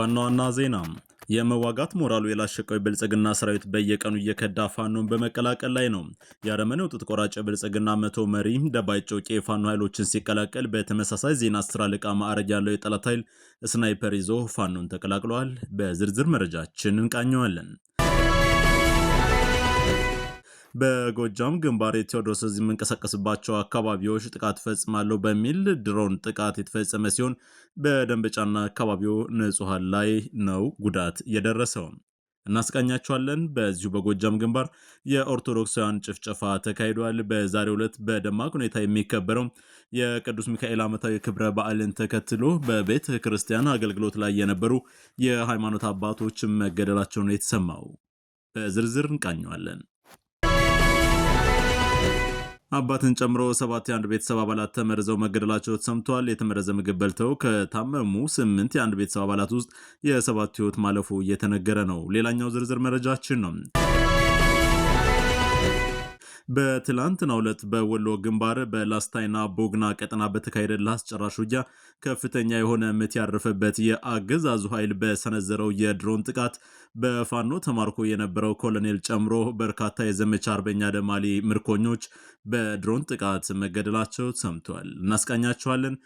ዋና ዋና ዜና የመዋጋት ሞራሉ የላሸቀው የብልጽግና ሰራዊት በየቀኑ እየከዳ ፋኖን በመቀላቀል ላይ ነው። የአረመኔው ጥጥ ቆራጭ ብልጽግና መቶ መሪ ደባይ ጮቄ የፋኖ ኃይሎችን ሲቀላቀል፣ በተመሳሳይ ዜና አስር አለቃ ማዕረግ ያለው የጠላት ኃይል ስናይፐር ይዞ ፋኖን ተቀላቅለዋል። በዝርዝር መረጃችን እንቃኘዋለን። በጎጃም ግንባር የቴዎድሮስ ህዝብ የምንቀሳቀስባቸው አካባቢዎች ጥቃት ፈጽማለሁ በሚል ድሮን ጥቃት የተፈጸመ ሲሆን በደንበጫና አካባቢው ንጹሐን ላይ ነው ጉዳት የደረሰው። እናስቃኛቸዋለን። በዚሁ በጎጃም ግንባር የኦርቶዶክሳውያን ጭፍጨፋ ተካሂዷል። በዛሬው ዕለት በደማቅ ሁኔታ የሚከበረው የቅዱስ ሚካኤል ዓመታዊ ክብረ በዓልን ተከትሎ በቤተ ክርስቲያን አገልግሎት ላይ የነበሩ የሃይማኖት አባቶች መገደላቸውን የተሰማው በዝርዝር እንቃኘዋለን። አባትን ጨምሮ ሰባት የአንድ ቤተሰብ አባላት ተመርዘው መገደላቸው ተሰምቷል። የተመረዘ ምግብ በልተው ከታመሙ ስምንት የአንድ ቤተሰብ አባላት ውስጥ የሰባቱ ህይወት ማለፉ እየተነገረ ነው። ሌላኛው ዝርዝር መረጃችን ነው። በትላንትና ዕለት በወሎ ግንባር በላስታይና ቦግና ቀጠና በተካሄደ ለአስጨራሽ ውጊያ ከፍተኛ የሆነ ምት ያረፈበት የአገዛዙ ኃይል በሰነዘረው የድሮን ጥቃት በፋኖ ተማርኮ የነበረው ኮሎኔል ጨምሮ በርካታ የዘመቻ አርበኛ ደማሊ ምርኮኞች በድሮን ጥቃት መገደላቸው ሰምተዋል። እናስቃኛችኋለን።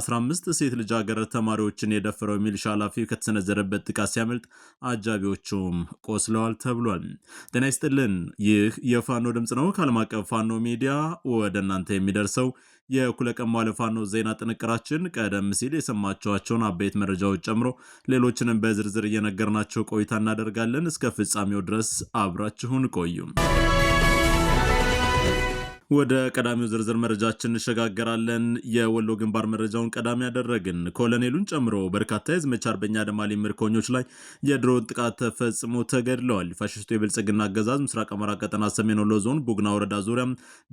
15 ሴት ልጃገረድ ተማሪዎችን የደፈረው ሚሊሻ ኃላፊ ከተሰነዘረበት ጥቃት ሲያመልጥ አጃቢዎቹም ቆስለዋል ተብሏል። ጤና ይስጥልን። ይህ የፋኖ ድምፅ ነው። ከዓለም አቀፍ ፋኖ ሚዲያ ወደ እናንተ የሚደርሰው የኩለቀን ማለ ፋኖ ዜና ጥንቅራችን ቀደም ሲል የሰማችኋቸውን አበይት መረጃዎች ጨምሮ ሌሎችንም በዝርዝር እየነገርናቸው ቆይታ እናደርጋለን። እስከ ፍጻሜው ድረስ አብራችሁን ቆዩም። ወደ ቀዳሚው ዝርዝር መረጃችን እንሸጋገራለን። የወሎ ግንባር መረጃውን ቀዳሚ ያደረግን ኮሎኔሉን ጨምሮ በርካታ የዘመቻ አርበኛ አደማሊ ምርኮኞች ላይ የድሮን ጥቃት ተፈጽሞ ተገድለዋል። ፋሽስቱ የብልጽግና አገዛዝ ምስራቅ አማራ ቀጠና ሰሜን ወሎ ዞን ቡግና ወረዳ ዙሪያ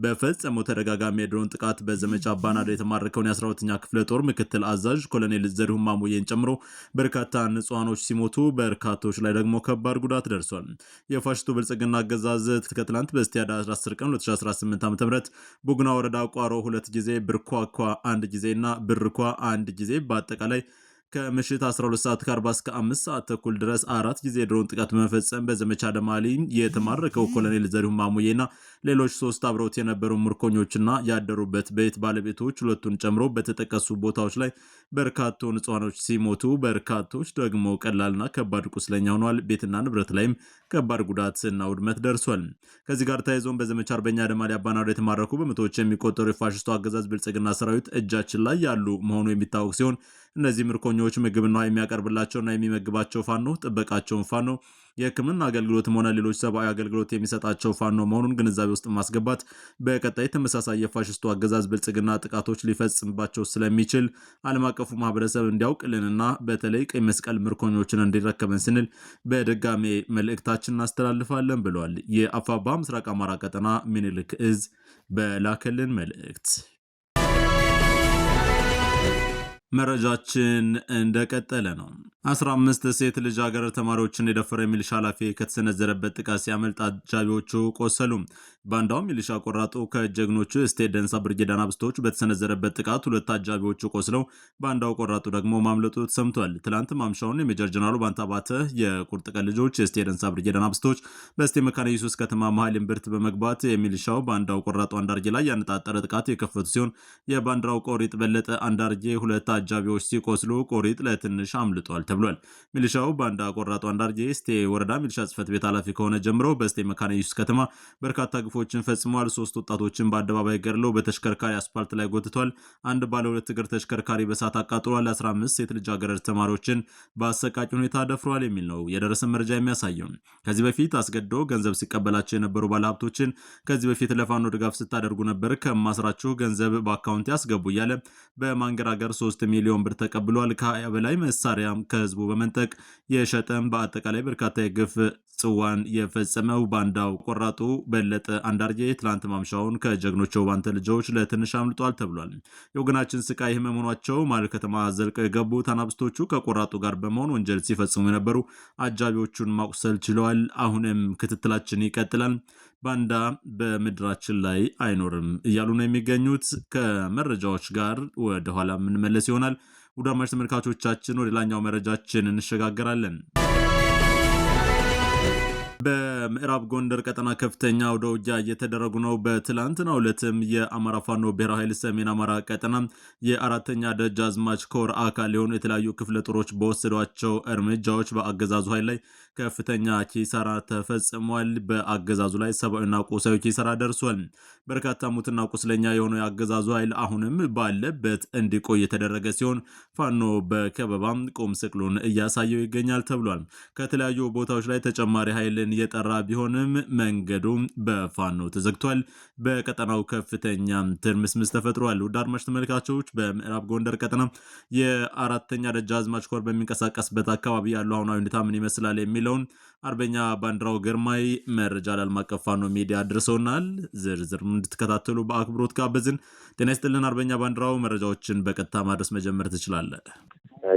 በፈጸመው ተደጋጋሚ የድሮን ጥቃት በዘመቻ አባናዶ የተማረከውን የ12ኛ ክፍለ ጦር ምክትል አዛዥ ኮሎኔል ዘሪሁን ማሙዬን ጨምሮ በርካታ ንጹሐኖች ሲሞቱ በርካቶች ላይ ደግሞ ከባድ ጉዳት ደርሷል። የፋሽስቱ ብልጽግና አገዛዝ ከትላንት በስቲያ 10 ቀን 2018 ዓ ቡግና ወረዳ ቋሮ ሁለት ጊዜ፣ ብርኳኳ አንድ ጊዜ እና ብርኳ አንድ ጊዜ በአጠቃላይ ከምሽት 12 ሰዓት ከ40 እስከ 5 ሰዓት ተኩል ድረስ አራት ጊዜ የድሮን ጥቃት በመፈጸም በዘመቻ ደማሊ የተማረከው ኮሎኔል ዘሪሁን ማሙዬና ሌሎች ሶስት አብረውት የነበሩ ምርኮኞችና ያደሩበት ቤት ባለቤቶች ሁለቱን ጨምሮ በተጠቀሱ ቦታዎች ላይ በርካቶ ንጽዋኖች ሲሞቱ፣ በርካቶች ደግሞ ቀላልና ከባድ ቁስለኛ ሆኗል። ቤትና ንብረት ላይም ከባድ ጉዳትና ውድመት ደርሷል። ከዚህ ጋር ተያይዞን በዘመቻ አርበኛ ደማሊ አባናዶ የተማረኩ በመቶዎች የሚቆጠሩ የፋሽስቱ አገዛዝ ብልጽግና ሰራዊት እጃችን ላይ ያሉ መሆኑ የሚታወቅ ሲሆን እነዚህ ምርኮኞች ምግብና የሚያቀርብላቸውና የሚመግባቸው ፋኖ፣ ጥበቃቸውን ፋኖ፣ የሕክምና አገልግሎትም ሆነ ሌሎች ሰብአዊ አገልግሎት የሚሰጣቸው ፋኖ መሆኑን ግንዛቤ ውስጥ ማስገባት በቀጣይ ተመሳሳይ የፋሽስቱ አገዛዝ ብልጽግና ጥቃቶች ሊፈጽምባቸው ስለሚችል ዓለም አቀፉ ማህበረሰብ እንዲያውቅልንና በተለይ ቀይ መስቀል ምርኮኞችን እንዲረከበን ስንል በድጋሜ መልእክታችን እናስተላልፋለን ብሏል። የአፋባ ምስራቅ አማራ ቀጠና ምኒልክ እዝ በላከልን መልእክት መረጃችን እንደቀጠለ ነው። 15 ሴት ልጃገረድ ተማሪዎችን የደፈረ ሚሊሻ ኃላፊ ከተሰነዘረበት ጥቃት ሲያመልጥ አጃቢዎቹ ቆሰሉ። ባንዳው ሚሊሻ ቆራጡ ከጀግኖቹ ስቴት ደንሳ ብርጌድ አናብስቶች በተሰነዘረበት ጥቃት ሁለት አጃቢዎቹ ቆስለው ባንዳው ቆራጡ ደግሞ ማምለጡ ተሰምቷል። ትላንት ማምሻውን የሜጀር ጀነራሉ ባንታባተ የቁርጥ ቀን ልጆች የስቴት ደንሳ ብርጌድ አናብስቶች በስቴ መካነ ኢየሱስ ከተማ መሀል እምብርት በመግባት የሚሊሻው ባንዳው ቆራጡ አንዳርጌ ላይ ያነጣጠረ ጥቃት የከፈቱ ሲሆን የባንዲራው ቆሪጥ በለጠ አንዳርጌ ሁለት አጃቢዎች ሲቆስሉ ቆሪጥ ለትንሽ አምልጧል ተብሏል። ሚሊሻው በአንድ አቆራጡ አንዳርጌ ስቴ ወረዳ ሚሊሻ ጽህፈት ቤት ኃላፊ ከሆነ ጀምሮ በስቴ መካነ ኢየሱስ ከተማ በርካታ ግፎችን ፈጽሟል። ሶስት ወጣቶችን በአደባባይ ገድለው በተሽከርካሪ አስፓልት ላይ ጎትቷል። አንድ ባለ ሁለት እግር ተሽከርካሪ በሳት አቃጥሏል። 15 ሴት ልጃገረድ ተማሪዎችን በአሰቃቂ ሁኔታ ደፍሯል የሚል ነው የደረሰ መረጃ የሚያሳየው። ከዚህ በፊት አስገድዶ ገንዘብ ሲቀበላቸው የነበሩ ባለሀብቶችን ከዚህ በፊት ለፋኖ ድጋፍ ስታደርጉ ነበር ከማስራችሁ ገንዘብ በአካውንት ያስገቡ እያለ በማንገራገር ሶስት ሚሊዮን ብር ተቀብሏል። ከሀያ በላይ መሳሪያም ከህዝቡ በመንጠቅ የሸጠም በአጠቃላይ በርካታ የግፍ ጽዋን የፈጸመው ባንዳው ቆራጡ በለጠ አንዳርጌ ትላንት ማምሻውን ከጀግኖቸው ባንተ ልጆች ለትንሽ አምልጧል ተብሏል። የወገናችን ስቃይ ህመም ሆኗቸው ከተማ ዘልቀው የገቡ ተናብስቶቹ ከቆራጡ ጋር በመሆን ወንጀል ሲፈጽሙ የነበሩ አጃቢዎቹን ማቁሰል ችለዋል። አሁንም ክትትላችን ይቀጥላል። ባንዳ በምድራችን ላይ አይኖርም እያሉ ነው የሚገኙት። ከመረጃዎች ጋር ወደኋላ የምንመለስ ይሆናል። ውዳማሽ ተመልካቾቻችን፣ ወደ ሌላኛው መረጃችን እንሸጋገራለን። በምዕራብ ጎንደር ቀጠና ከፍተኛ ወደ ውጊያ እየተደረጉ ነው። በትላንትና ሁለትም የአማራ ፋኖ ብሔራዊ ኃይል ሰሜን አማራ ቀጠና የአራተኛ ደጃዝማች ኮር አካል የሆኑ የተለያዩ ክፍለ ጦሮች በወሰዷቸው እርምጃዎች በአገዛዙ ኃይል ላይ ከፍተኛ ኪሳራ ተፈጽሟል። በአገዛዙ ላይ ሰብአዊና ቁሳዊ ኪሳራ ደርሷል። በርካታ ሙትና ቁስለኛ የሆነው የአገዛዙ ኃይል አሁንም ባለበት እንዲቆይ የተደረገ ሲሆን ፋኖ በከበባም ቁም ስቅሉን እያሳየው ይገኛል ተብሏል። ከተለያዩ ቦታዎች ላይ ተጨማሪ ኃይልን እየጠራ ቢሆንም መንገዱ በፋኖ ተዘግቷል። በቀጠናው ከፍተኛ ትርምስምስ ተፈጥሯል። ውድ አድማጭ ተመልካቾች በምዕራብ ጎንደር ቀጠና የአራተኛ ደጃዝማች ኮር በሚንቀሳቀስበት አካባቢ ያለው አሁናዊ ሁኔታ ምን ይመስላል የሚል የሚለውን አርበኛ ባንዲራው ግርማይ መረጃ ለዓለም አቀፍ ፋኖ ሚዲያ አድርሰውናል። ዝርዝር እንድትከታተሉ በአክብሮት ጋበዝን። ጤና ይስጥልን አርበኛ ባንዲራው፣ መረጃዎችን በቀጥታ ማድረስ መጀመር ትችላለህ።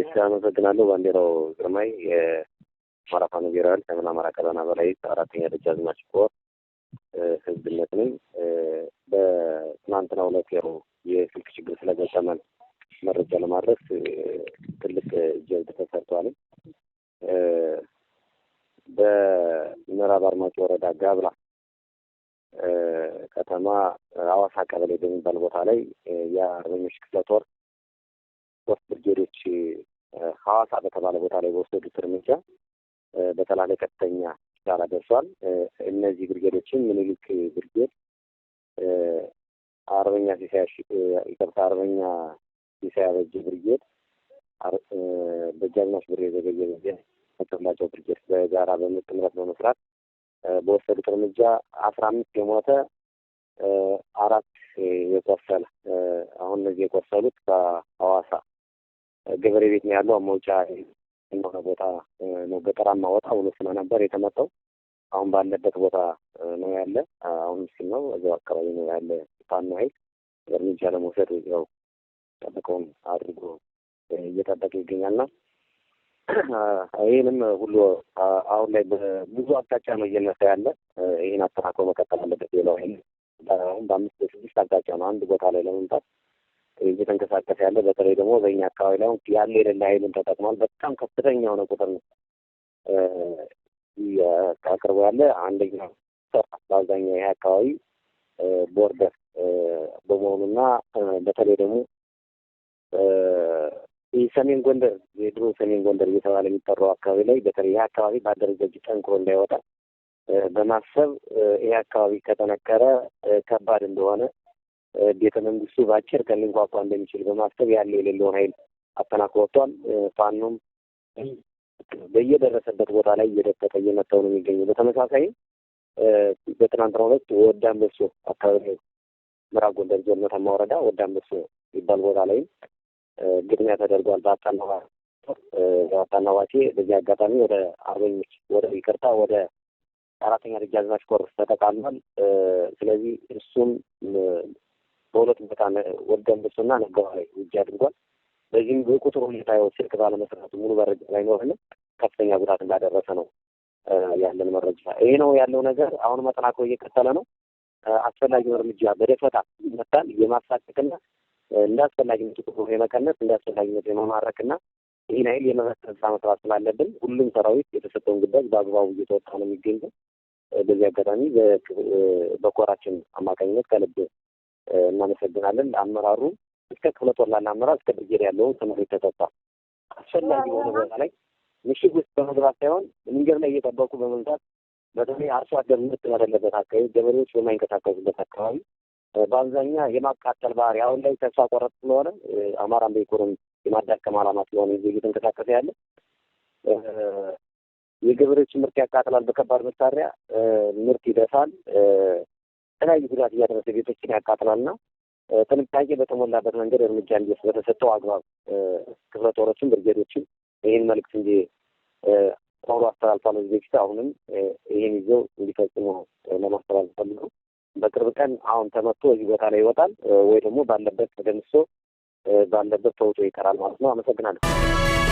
እሺ፣ አመሰግናለሁ። ባንዲራው ግርማይ የአማራ ፋኖ ብሔራዊ ሰሜን አማራ ቀጠና በላይ አራተኛ ደጃዝማች ኮር ህዝብነት ነኝ። በትናንትናው ዕለት ያው የስልክ ችግር ስለገጠመን መረጃ ለማድረስ ደርሷል። እነዚህ ብርጌዶችም ምኒልክ ብርጌድ፣ አርበኛ ሲሳይ ይቅርታ፣ አርበኛ ሲሳይ አበጀ ብርጌድ፣ በጃግናሽ ብሬ ዘገየ ብርጌድ፣ መቅደላቸው ብርጌድ በጋራ በምጥምረት በመስራት በወሰዱት እርምጃ አስራ አምስት የሞተ አራት የቆሰለ አሁን እነዚህ የቆሰሉት ከሐዋሳ ገበሬ ቤት ነው ያለው። መውጫ የሆነ ቦታ ነው ገጠራማ ወጣ ብሎ ስለነበር የተመጠው አሁን ባለበት ቦታ ነው ያለ። አሁን ምስል ነው እዚያው አካባቢ ነው ያለ። ፋኖ ኃይል እርምጃ ለመውሰድ ያው ጠበቀውን አድርጎ እየጠበቀ ይገኛልና ይህንም ሁሉ አሁን ላይ ብዙ አቅጣጫ ነው እየነሳ ያለ። ይህን አጠናክሮ መቀጠል አለበት። ሌላው ኃይል አሁን በአምስት ስድስት አቅጣጫ ነው አንድ ቦታ ላይ ለመምጣት እየተንቀሳቀሰ ያለ። በተለይ ደግሞ በእኛ አካባቢ ላይ ያለ የሌለ ኃይልን ተጠቅሟል። በጣም ከፍተኛ የሆነ ቁጥር ነው አቅርቦ ያለ አንደኛው በአብዛኛው ይህ አካባቢ ቦርደር በመሆኑና በተለይ ደግሞ ሰሜን ጎንደር የድሮ ሰሜን ጎንደር እየተባለ የሚጠራው አካባቢ ላይ በተለይ ይህ አካባቢ በአደረጃጀት ጠንክሮ እንዳይወጣ በማሰብ ይህ አካባቢ ከጠነከረ ከባድ እንደሆነ ቤተ መንግስቱ በአጭር ቀን ሊንኳኳ እንደሚችል በማሰብ ያለ የሌለውን ኃይል አጠናክሮ ወጥቷል። ፋኖም በየደረሰበት ቦታ ላይ እየደቀቀ እየመጣው ነው የሚገኘው። በተመሳሳይም በትናንትናው ሁለት ወደ አንበሶ አካባቢ ምዕራብ ጎንደር ዞን መተማ ወረዳ ወደ አንበሶ የሚባል ቦታ ላይም ግጥሚያ ተደርጓል። በአጣናዋ በአጣናዋቴ በዚህ አጋጣሚ ወደ አርበኞች ወደ ይቅርታ ወደ አራተኛ ደጃዝማች ኮር ተጠቃሏል። ስለዚህ እሱም በሁለት ቦታ ወደ አንበሶ አንበሶና ነገዋ ላይ ውጊያ አድርጓል። በዚህም በቁጥር ሁኔታ ስልክ ባለመስራቱ ሙሉ መረጃ ባይኖረንም ከፍተኛ ጉዳት እንዳደረሰ ነው ያለን መረጃ። ይሄ ነው ያለው ነገር። አሁን መጠናክሮ እየቀጠለ ነው። አስፈላጊውን እርምጃ በደፈታ ይመታል። የማሳቀቅና እንደ አስፈላጊነቱ ቁጥሩ የመቀነስ እንደ አስፈላጊነቱ የመማረክና ይህን ኃይል የመበተን ስራ መስራት ስላለብን ሁሉም ሰራዊት የተሰጠውን ግዳጅ በአግባቡ እየተወጣ ነው የሚገኘ በዚህ አጋጣሚ በኮራችን አማካኝነት ከልብ እናመሰግናለን። ለአመራሩ እስከ ክፍለ ወላና ላለ አመራር እስከ ብርጌድ ያለውን ትምህርት ተጠጣ። አስፈላጊ በሆነ ቦታ ላይ ምሽግ ውስጥ በመግባት ሳይሆን መንገድ ላይ እየጠበቁ በመግባት በተለይ አርሶ አደርነት ምርት አካባቢ፣ ገበሬዎች በማይንቀሳቀሱበት አካባቢ በአብዛኛ የማቃጠል ባህሪ አሁን ላይ ተስፋ ቆረጥ ስለሆነ አማራን በኢኮኖሚ የማዳከም አላማ ስለሆነ ይዞ እየተንቀሳቀሰ ያለ የገበሬዎች ምርት ያቃጥላል። በከባድ መሳሪያ ምርት ይደፋል። የተለያዩ ጉዳት እያደረሰ ቤቶችን ያቃጥላል እና ጥንቃቄ በተሞላበት መንገድ እርምጃ እንዲወስ በተሰጠው አግባብ ክፍለ ጦሮችን ብርጌዶችን ይህን መልዕክት እንዲ ጦሩ አስተላልፏል። ህዝብ በፊት አሁንም ይህን ይዘው እንዲፈጽሙ ለማስተላልፍ ፈልገው በቅርብ ቀን አሁን ተመቶ እዚህ ቦታ ላይ ይወጣል ወይ ደግሞ ባለበት ተደምሶ ባለበት ተውጦ ይቀራል ማለት ነው። አመሰግናለሁ።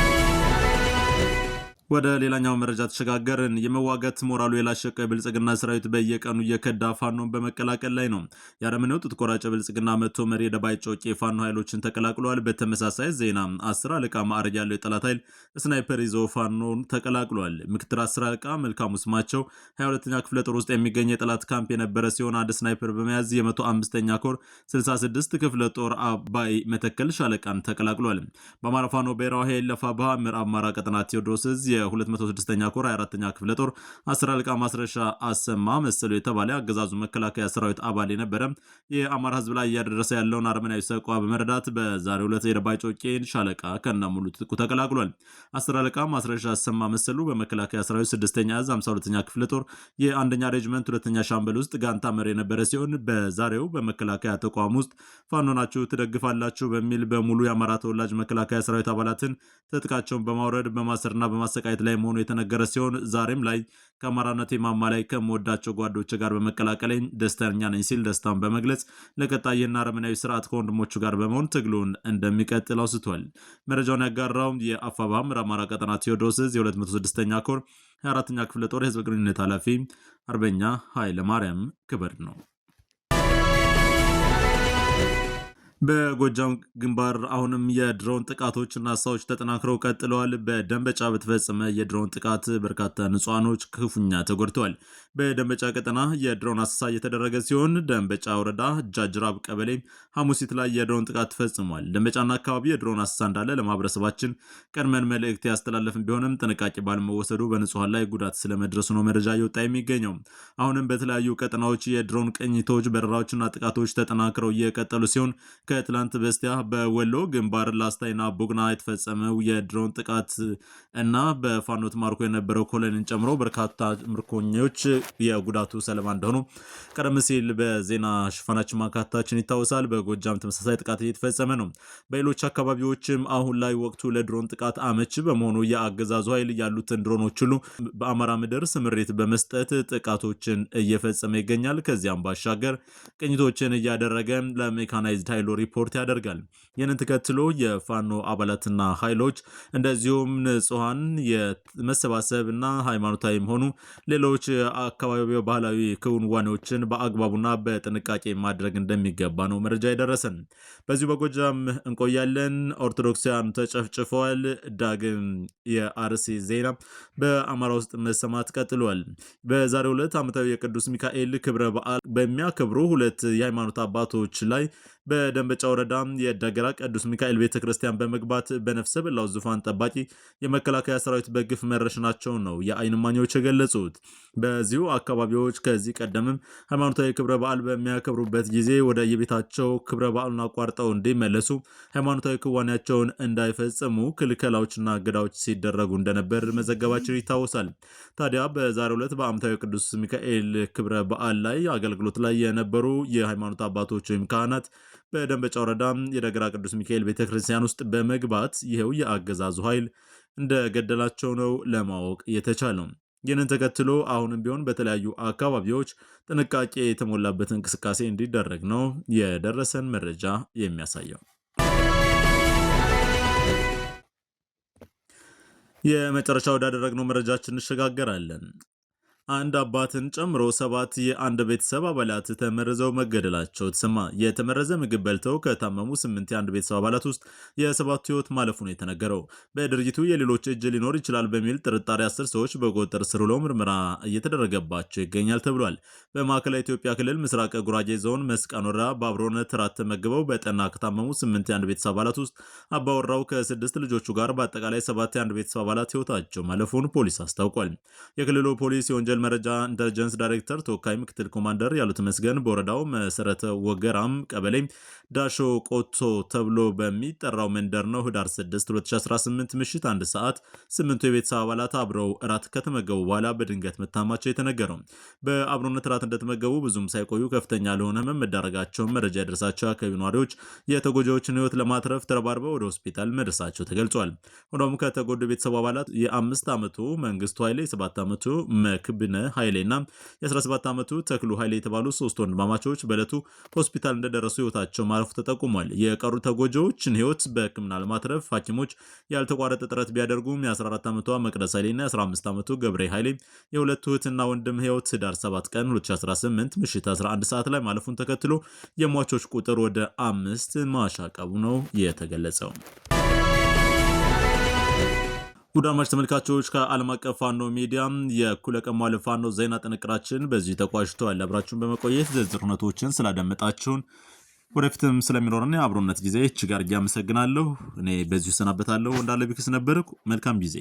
ወደ ሌላኛው መረጃ ተሸጋገርን። የመዋጋት ሞራሉ የላሸቀ የብልጽግና ሰራዊት በየቀኑ እየከዳ ፋኖን በመቀላቀል ላይ ነው። የአረመኔው ጡት ቆራጭ ብልጽግና መቶ መሪ የደባይ ጮቄ የፋኖ ኃይሎችን ተቀላቅሏል። በተመሳሳይ ዜና አስር አለቃ ማዕረግ ያለው የጠላት ኃይል ስናይፐር ይዞ ፋኖን ተቀላቅሏል። ምክትል አስር አለቃ መልካሙ ስማቸው 22ኛ ክፍለ ጦር ውስጥ የሚገኝ የጠላት ካምፕ የነበረ ሲሆን አንድ ስናይፐር በመያዝ የመቶ አምስተኛ ኮር 66 ክፍለ ጦር አባይ መተከል ሻለቃን ተቀላቅሏል። በአማራ ፋኖ ብሔራዊ ኃይል ለፋ ባህ ምዕራብ አማራ ቀጠና ቴዎድሮስ የ206ኛ ኮር 24ኛ ክፍለ ጦር አስር አለቃ ማስረሻ አሰማ መሰሉ የተባለ አገዛዙ መከላከያ ሰራዊት አባል የነበረ የአማራ ህዝብ ላይ እያደረሰ ያለውን አርመናዊ ሰቋ በመረዳት በዛሬው ዕለት የደባይ ጮቄን ሻለቃ ከነ ሙሉ ትጥቁ ተቀላቅሏል። አስር አለቃ ማስረሻ አሰማ መሰሉ በመከላከያ ሰራዊት ስድስተኛ ኛ እዝ 52ኛ ክፍለ ጦር የአንደኛ ሬጅመንት ሁለተኛ ሻምበል ውስጥ ጋንታ መሪ የነበረ ሲሆን በዛሬው በመከላከያ ተቋም ውስጥ ፋኖ ናችሁ ትደግፋላችሁ በሚል በሙሉ የአማራ ተወላጅ መከላከያ ሰራዊት አባላትን ትጥቃቸውን በማውረድ በማሰርና በማሰ በማሰቃየት ላይ መሆኑ የተነገረ ሲሆን ዛሬም ላይ ከአማራነት የማማ ላይ ከምወዳቸው ጓዶች ጋር በመቀላቀለኝ ደስተኛ ነኝ ሲል ደስታን በመግለጽ ለቀጣይና ረመናዊ ስርዓት ከወንድሞቹ ጋር በመሆን ትግሉን እንደሚቀጥል አውስቷል። መረጃውን ያጋራው የአፋባ ምዕራብ አማራ ቀጠና ቴዎድሮስ የ 26 ኛ ኮር 24ኛ ክፍለ ጦር የህዝብ ግንኙነት ኃላፊ አርበኛ ኃይለ ማርያም ክብር ነው። በጎጃም ግንባር አሁንም የድሮን ጥቃቶችና ሳዎች ተጠናክረው ቀጥለዋል። በደንበጫ በተፈጸመ የድሮን ጥቃት በርካታ ንጹሐኖች ክፉኛ ተጎድተዋል። በደንበጫ ቀጠና የድሮን አሰሳ እየተደረገ ሲሆን ደንበጫ ወረዳ ጃጅራብ ቀበሌ ሐሙሲት ላይ የድሮን ጥቃት ፈጽሟል ደንበጫና አካባቢ የድሮን አሰሳ እንዳለ ለማህበረሰባችን ቀድመን መልእክት ያስተላለፍን ቢሆንም ጥንቃቄ ባለመወሰዱ በንጹሐን ላይ ጉዳት ስለመድረሱ ነው መረጃ እየወጣ የሚገኘው። አሁንም በተለያዩ ቀጠናዎች የድሮን ቅኝቶች፣ በረራዎችና ጥቃቶች ተጠናክረው እየቀጠሉ ሲሆን ከትላንት በስቲያ በወሎ ግንባር ላስታይና ቡግና የተፈጸመው የድሮን ጥቃት እና በፋኖት ማርኮ የነበረው ኮሎኔልን ጨምሮ በርካታ ምርኮኞች የጉዳቱ ሰለባ እንደሆኑ ቀደም ሲል በዜና ሽፋናችን ማካታችን ይታወሳል። በጎጃም ተመሳሳይ ጥቃት እየተፈጸመ ነው። በሌሎች አካባቢዎችም አሁን ላይ ወቅቱ ለድሮን ጥቃት አመች በመሆኑ የአገዛዙ ኃይል ያሉትን ድሮኖች ሁሉ በአማራ ምድር ስምሪት በመስጠት ጥቃቶችን እየፈጸመ ይገኛል። ከዚያም ባሻገር ቅኝቶችን እያደረገ ለሜካናይዝድ ኃይል ሪፖርት ያደርጋል። ይህንን ተከትሎ የፋኖ አባላትና ኃይሎች እንደዚሁም ንጹሐን እና ሃይማኖታዊም ሆኑ ሌሎች አካባቢ ባህላዊ ክውንዋኔዎችን በአግባቡና በጥንቃቄ ማድረግ እንደሚገባ ነው መረጃ የደረሰን። በዚሁ በጎጃም እንቆያለን። ኦርቶዶክሳውያን ተጨፍጭፈዋል። ዳግም የአርሲ ዜና በአማራ ውስጥ መሰማት ቀጥሏል። በዛሬው ዕለት ዓመታዊ የቅዱስ ሚካኤል ክብረ በዓል በሚያከብሩ ሁለት የሃይማኖት አባቶች ላይ በደንብ የገርበጫ ወረዳ የደገራ ቅዱስ ሚካኤል ቤተ ክርስቲያን በመግባት በነፍሰ በላው ዙፋን ጠባቂ የመከላከያ ሰራዊት በግፍ መረሸናቸው ነው የአይን ማኞች የገለጹት። በዚሁ አካባቢዎች ከዚህ ቀደምም ሃይማኖታዊ ክብረ በዓል በሚያከብሩበት ጊዜ ወደ የቤታቸው ክብረ በዓሉን አቋርጠው እንዲመለሱ ሃይማኖታዊ ክዋኔያቸውን እንዳይፈጽሙ ክልከላዎችና እገዳዎች ሲደረጉ እንደነበር መዘገባችን ይታወሳል። ታዲያ በዛሬው ዕለት በዓመታዊ ቅዱስ ሚካኤል ክብረ በዓል ላይ አገልግሎት ላይ የነበሩ የሃይማኖት አባቶች ወይም ካህናት በደንበጫ ወረዳ የደገራ ቅዱስ ሚካኤል ቤተ ክርስቲያን ውስጥ በመግባት ይኸው የአገዛዙ ኃይል እንደገደላቸው ነው ለማወቅ የተቻለው። ይህንን ተከትሎ አሁንም ቢሆን በተለያዩ አካባቢዎች ጥንቃቄ የተሞላበት እንቅስቃሴ እንዲደረግ ነው የደረሰን መረጃ የሚያሳየው። የመጨረሻ ወዳደረግነው መረጃችን እንሸጋገራለን። አንድ አባትን ጨምሮ ሰባት የአንድ ቤተሰብ አባላት ተመርዘው መገደላቸው ተሰማ። የተመረዘ ምግብ በልተው ከታመሙ ስምንት የአንድ ቤተሰብ አባላት ውስጥ የሰባቱ ህይወት ማለፉ ነው የተነገረው። በድርጊቱ የሌሎች እጅ ሊኖር ይችላል በሚል ጥርጣሬ አስር ሰዎች በቁጥጥር ስር ውለው ምርመራ እየተደረገባቸው ይገኛል ተብሏል። በማዕከላዊ ኢትዮጵያ ክልል ምስራቅ ጉራጌ ዞን መስቃን ወረዳ በአብሮነት ራት ተመግበው በጠና ከታመሙ ስምንት የአንድ ቤተሰብ አባላት ውስጥ አባወራው ከስድስት ልጆቹ ጋር በአጠቃላይ ሰባት የአንድ ቤተሰብ አባላት ህይወታቸው ማለፉን ፖሊስ አስታውቋል። የክልሉ ፖሊስ የወንጀ የወንጀል መረጃ ኢንተልጀንስ ዳይሬክተር ተወካይ ምክትል ኮማንደር ያሉት መስገን በወረዳው መሰረተ ወገራም ቀበሌ ዳሾ ቆቶ ተብሎ በሚጠራው መንደር ነው ህዳር 6 2018 ምሽት አንድ ሰዓት ስምንቱ የቤተሰብ አባላት አብረው እራት ከተመገቡ በኋላ በድንገት መታማቸው የተነገረው። በአብሮነት እራት እንደተመገቡ ብዙም ሳይቆዩ ከፍተኛ ለሆነ ህመም መዳረጋቸውን መረጃ ያደረሳቸው አካባቢ ነዋሪዎች የተጎጂዎችን ህይወት ለማትረፍ ተረባርበው ወደ ሆስፒታል መድረሳቸው ተገልጿል። ሆኖም ከተጎዱ ቤተሰብ አባላት የአምስት ዓመቱ መንግስቱ ኃይሌ የሰባት ዓመቱ መክብ ኃይሌ ኃይሌና የ17 ዓመቱ ተክሉ ኃይሌ የተባሉ ሶስት ወንድማማቾች በዕለቱ ሆስፒታል እንደደረሱ ህይወታቸው ማረፉ ተጠቁሟል። የቀሩ ተጎጂዎችን ህይወት በህክምና ለማትረፍ ሐኪሞች ያልተቋረጠ ጥረት ቢያደርጉም የ14 ዓመቷ መቅደስ ኃይሌና የ15 ዓመቱ ገብሬ ኃይሌ የሁለቱ እህትና ወንድም ህይወት ህዳር 7 ቀን 2018 ምሽት 11 ሰዓት ላይ ማለፉን ተከትሎ የሟቾች ቁጥር ወደ አምስት ማሻቀቡ ነው የተገለጸው። ጉዳማች ተመልካቾች ከዓለም አቀፍ ፋኖ ሚዲያ ማለ ፋኖ ዜና ጥንቅራችን በዚህ ተቋጭተዋል። አብራችሁን በመቆየት ዝርዝር ሁነቶችን ስላደመጣችሁን ወደፊትም ስለሚኖረን አብሮነት ጊዜ እጅግ ጋር አመሰግናለሁ። እኔ በዚሁ እሰናበታለሁ። እንዳለ ቢክስ ነበርኩ። መልካም ጊዜ